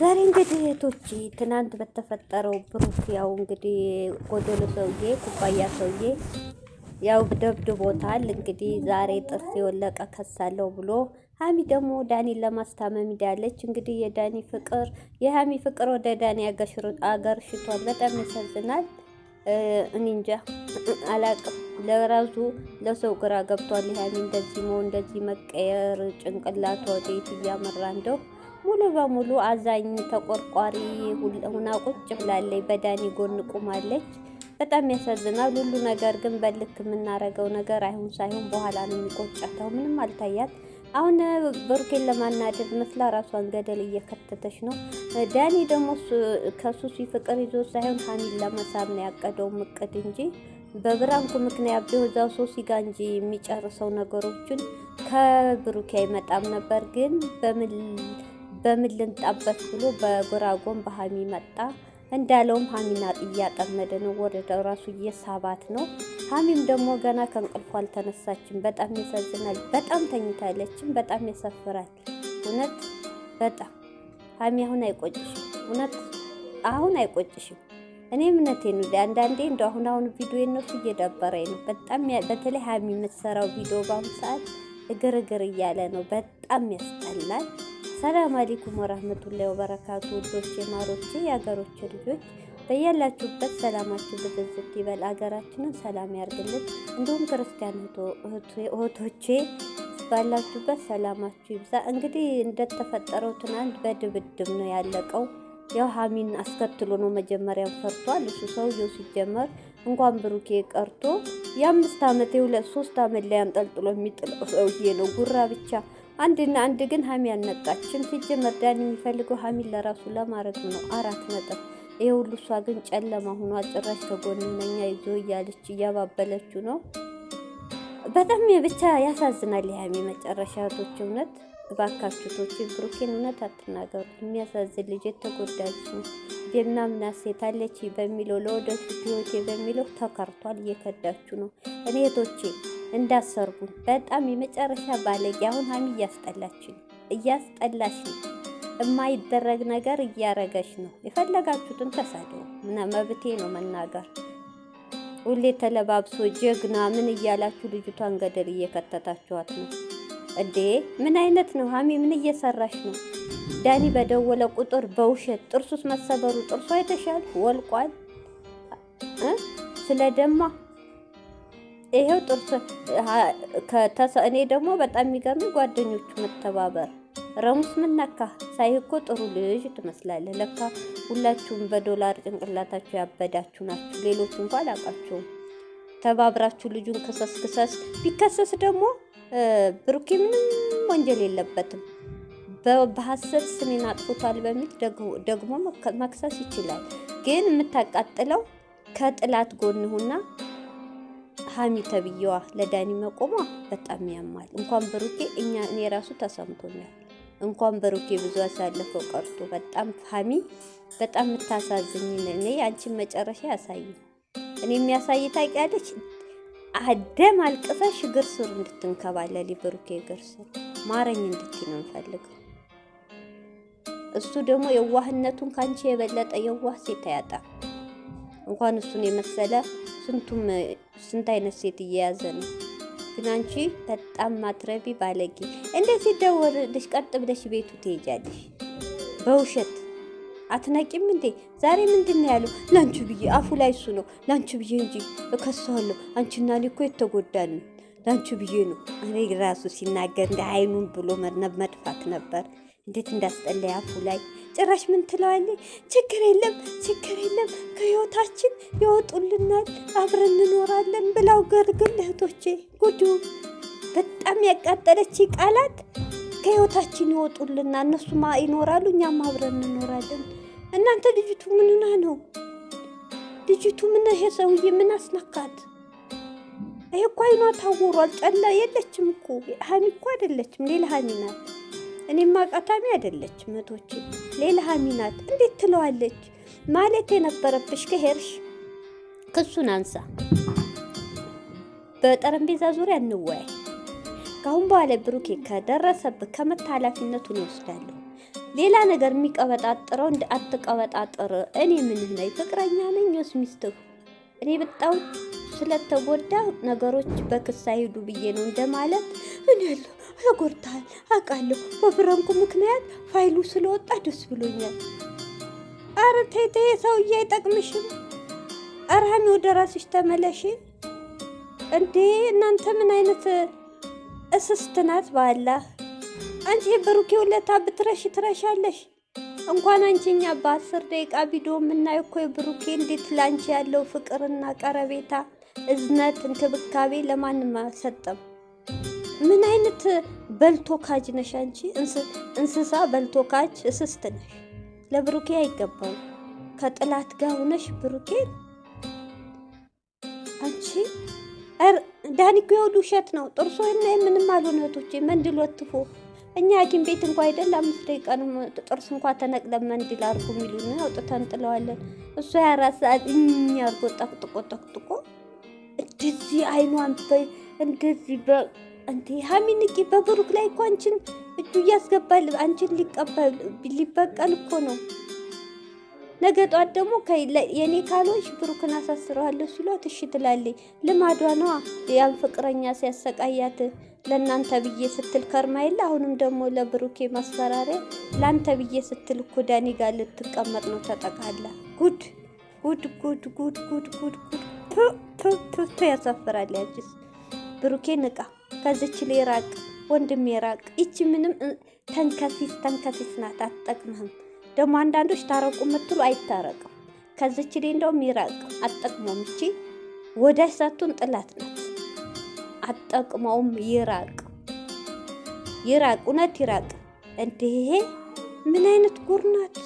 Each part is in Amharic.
ዛሬ እንግዲህ እህቶቼ ትናንት በተፈጠረው ብሩክ ያው እንግዲህ ጎደሎ ሰውዬ ኩባያ ሰውዬ ያው ደብድቦታል። እንግዲህ ዛሬ ጥርስ የወለቀ ከሳለው ብሎ ሀሚ ደግሞ ዳኒን ለማስታመም እንዳለች እንግዲህ የዳኒ ፍቅር የሀሚ ፍቅር ወደ ዳኒ አገር ሽቷል። በጣም ያሳዝናል። እኔ እንጃ አላቅም። ለራሱ ለሰው ግራ ገብቷል። የሀሚ እንደዚህ መሆን እንደዚህ መቀየር ጭንቅላት ወዴት እያመራ እንደው ሙሉ በሙሉ አዛኝ ተቆርቋሪ ሁና ቁጭ ብላለች። በዳኒ ጎን ቁማለች። በጣም ያሳዝናል። ሁሉ ነገር ግን በልክ የምናረገው ነገር አይሁን ሳይሆን በኋላ ነው የሚቆጨተው። ምንም አልታያት። አሁን ብሩኬን ለማናደድ መስላ ራሷን ገደል እየከተተች ነው። ዳኒ ደግሞ ከሱሲ ፍቅር ይዞ ሳይሆን ሀኒን ለመሳብ ነው ያቀደው እቅድ እንጂ በብራንኩ ምክንያት ቢሆዛው ሶሲ ጋ እንጂ የሚጨርሰው ነገሮችን ከብሩኬ አይመጣም ነበር ግን በምን በምን ልንጣበት ብሎ በጎራጎን በሀሚ መጣ። እንዳለውም ሀሚና እያጠመደ ነው። ወደ ራሱ እየሳባት ነው። ሀሚም ደግሞ ገና ከእንቅልፏ አልተነሳችም። በጣም ይሰዝናል። በጣም ተኝታለችም። በጣም ያሳፍራል። እውነት በጣም ሀሚ አሁን አይቆጭሽም? እውነት አሁን አይቆጭሽም? እኔ እምነቴ ነው። አንዳንዴ እንደ አሁን አሁን ቪዲዮ የነሱ እየደበረኝ ነው በጣም በተለይ ሀሚ የምትሰራው ቪዲዮ በአሁኑ ሰዓት እግር እግር እያለ ነው። በጣም ያስጠላል። ሰላም አለይኩም ወራህመቱላሂ ወበረካቱ። ውዶች የማሮቼ የአገሮች ልጆች በያላችሁበት ሰላማችሁ ብዝዝት ይበል። አገራችንን ሰላም ያርግልን። እንዲሁም ክርስቲያን እህቶቼ ባላችሁበት ሰላማችሁ ይብዛ። እንግዲህ እንደተፈጠረው ትናንት በድብድብ ነው ያለቀው። ያው ሀሚን አስከትሎ ነው መጀመሪያም ሰርቷል። እሱ ሰውየው ሲጀመር እንኳን ብሩኬ ቀርቶ የአምስት ዓመት የሁለት ሶስት ዓመት ላይ አንጠልጥሎ የሚጥለው ሰውዬ ነው ጉራ ብቻ አንድና አንድ ግን ሀሚ አልነቃችም። ሲጀመር ዳኒ የሚፈልገው ሀሚን ለራሱ ለማድረግ ነው። አራት ነጥብ ይሄ ሁሉ እሷ ግን ጨለማ ሆኖ ጭራሽ ከጎንነኛ ይዞ እያለች እያባበለችው ነው። በጣም ብቻ ያሳዝናል። የሀሚ መጨረሻ ቶች እውነት እባካችሁ ብሩኬን እውነት አትናገሩ። የሚያሳዝን ልጅ የተጎዳች የምናምና ሴት አለች በሚለው ለወደፊት ህይወቴ በሚለው ተከርቷል። እየከዳችሁ ነው እኔ እህቶቼ እንዳሰርጉን በጣም የመጨረሻ ባለጌ። አሁን ሀሚ እያስጠላች እያስጠላሽ የማይደረግ ነገር እያረገች ነው። የፈለጋችሁትን ተሳደው ምና መብቴ ነው መናገር። ሁሌ ተለባብሶ ጀግና ምን እያላችሁ ልጅቷን ገደል እየከተታችኋት ነው እንዴ? ምን አይነት ነው ሀሚ? ምን እየሰራሽ ነው? ዳኒ በደወለ ቁጥር በውሸት ጥርሱስ መሰበሩ ጥርሷ የተሻል ወልቋል ስለደማ ይሄው ጥርስ እኔ ደግሞ በጣም የሚገርም ጓደኞቹ መተባበር ረሙስ ምነካ ሳይ እኮ ጥሩ ልጅ ትመስላለህ። ለካ ሁላችሁም በዶላር ጭንቅላታችሁ ያበዳችሁ ናችሁ። ሌሎች እንኳ አላውቃችሁም። ተባብራችሁ ልጁን ክሰስ ክሰስ። ቢከሰስ ደግሞ ብሩኪ ምንም ወንጀል የለበትም። በሀሰት ስሜን አጥፎታል በሚል ደግሞ መክሰስ ይችላል። ግን የምታቃጥለው ከጥላት ጎንሁና ሀሚ ተብዬዋ ለዳኒ መቆሟ በጣም ያማል። እንኳን ብሩኬ እኛ እኔ ራሱ ተሰምቶኛል። እንኳን ብሩኬ ብዙ አሳለፈው ቀርቶ በጣም ሀሚ በጣም የምታሳዝኝ እኔ አንቺን መጨረሻ ያሳይ እኔ የሚያሳይ ታውቂያለች። አደም አልቅሰሽ እግር ስር እንድትንከባለል ብሩኬ እግር ስር ማረኝ እንድትይ ነው እንፈልገው። እሱ ደግሞ የዋህነቱን ከአንቺ የበለጠ የዋህ ሴት ያጣ እንኳን እሱን የመሰለ ስንቱም ስንት አይነት ሴት እየያዘ ነው። ግን አንቺ በጣም ማትረቢ ባለጌ፣ እንዴት ሲደወርልሽ ቀጥ ብለሽ ቤቱ ትሄጃለሽ? በውሸት አትነቂም እንዴ? ዛሬ ምንድን ነው ያለው? ላንቺ ብዬ አፉ ላይ እሱ ነው። ላንቺ ብዬ እንጂ እከሰዋለሁ። አንቺና እኔ እኮ የተጎዳን ላንቺ ብዬ ነው። እኔ ራሱ ሲናገር እንደ አይኑን ብሎ መድፋት ነበር። እንዴት እንዳስጠለይ አፉ ላይ ጭራሽ ምን ትለዋለች? ችግር የለም ችግር የለም ከህይወታችን ይወጡልናል፣ አብረን እንኖራለን ብላው ገርግል እህቶቼ ጉዱ በጣም ያቃጠለች ቃላት ከህይወታችን ይወጡልናል፣ እነሱማ ይኖራሉ፣ እኛም አብረን እንኖራለን። እናንተ ልጅቱ ምንና ነው ልጅቱ ምን ይሄ ሰውዬ ምን አስነካት? ይሄ እኮ አይኗ ታውሯል። ጨላ የለችም እኮ ሀሚ እኮ አይደለችም፣ ሌላ ሀሚ ናት። እኔም አቃታሚ አይደለች መቶቼ ሌላ ሀሚ ናት እንዴት ትለዋለች ማለት የነበረብሽ ከሄርሽ ክሱን አንሳ በጠረጴዛ ዙሪያ እንወያይ ካሁን በኋላ ብሩኬ ከደረሰብህ ከመት ኃላፊነቱን ይወስዳለሁ ሌላ ነገር የሚቀበጣጥረው እንደ አትቀበጣጥር እኔ ምንህ ነኝ ፍቅረኛ ነኝ ወይስ ሚስትህ እኔ በጣም ስለተጎዳ ነገሮች በክስ አይሄዱ ብዬ ነው እንደማለት እኔ ያለሁ ተጎድተሃል አውቃለሁ። በፍረንኩ ምክንያት ፋይሉ ስለወጣ ደስ ብሎኛል። አረ ተይ ተይ፣ ሰውዬ አይጠቅምሽም። አርሃሚ ወደ ራስሽ ተመለሽ። እንዴ እናንተ ምን አይነት እስስት ናት? አንቺ ብሩኬ ውለታ ብትረሽ ትረሻለሽ። እንኳን አንቺኛ በአስር ደቂቃ ቪዲዮ የምናየው እኮ የብሩኬ እንዴት ላንቺ ያለው ፍቅርና ቀረቤታ፣ እዝነት፣ እንክብካቤ ለማንም አልሰጠም። ምን አይነት በልቶ ካጅ ነሽ አንቺ? እንስሳ በልቶ ካጅ እስስት ነሽ። ለብሩኬ አይገባው። ከጥላት ጋር ሆነሽ ብሩኬ አንቺ ዳኒኮ የወዱ ውሸት ነው። ጥርሶ እና የምንም አልሆነ እህቶቼ መንድል ወትፎ እኛ ሐኪም ቤት እንኳ አይደል አምስት ደቂቃ ነው ጥርስ እንኳ ተነቅለን መንድል አድርጎ የሚሉን አውጥተን ጥለዋለን። እሱ የአራት ሰዓት እኛ አድርጎ ጠቅጥቆ ጠቅጥቆ እንደዚህ አይኗን እንደዚህ በ እንዴ ሀሚ በብሩክ ላይ እኮ አንቺን እጁ እያስገባል አንቺን ሊቀበል ሊበቀል እኮ ነው። ነገ ጧት ደግሞ የኔ ካልሆንሽ ብሩክን አሳስረዋለሁ ሲሏት እሺ ትላለች። ልማዷ ነዋ። ያን ፍቅረኛ ሲያሰቃያት ለእናንተ ብዬ ስትል ከርማ የለ አሁንም ደግሞ ለብሩኬ ማስፈራሪያ ለአንተ ብዬ ስትል እኮ ዳኒ ጋር ልትቀመጥ ነው። ተጠቃላ ጉድ ጉድ ጉድ ጉድ ጉድ ጉድ ያሳፍራል። ያጅስ ብሩኬ ንቃ። ከዚች ራቅ ወንድም ራቅ ይቺ ምንም ተንከሲስ ተንከሲስ ናት፣ አትጠቅምህም። ደግሞ አንዳንዶች ታረቁ የምትሉ አይታረቅም። ከዚች ላይ እንደውም ይራቅ፣ አትጠቅመውም። ይቺ ወዳጅ ሳቱን ጥላት ናት፣ አትጠቅመውም። ይራቅ፣ ይራቅ፣ እውነት ይራቅ። እንዲህ ምን አይነት ጉር ናት?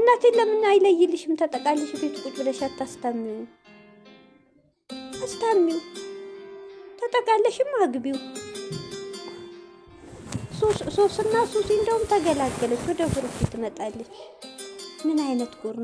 እናቴ ለምን አይለይልሽም? ተጠቃልሽ ቤት ቁጭ ብለሽ አታስታሚው፣ አስታሚው ተጠቃለሽም አግቢው። ሶስና ሱሲ እንደውም ተገላገለች፣ ወደ ብሩክ ትመጣለች። ምን አይነት ጉር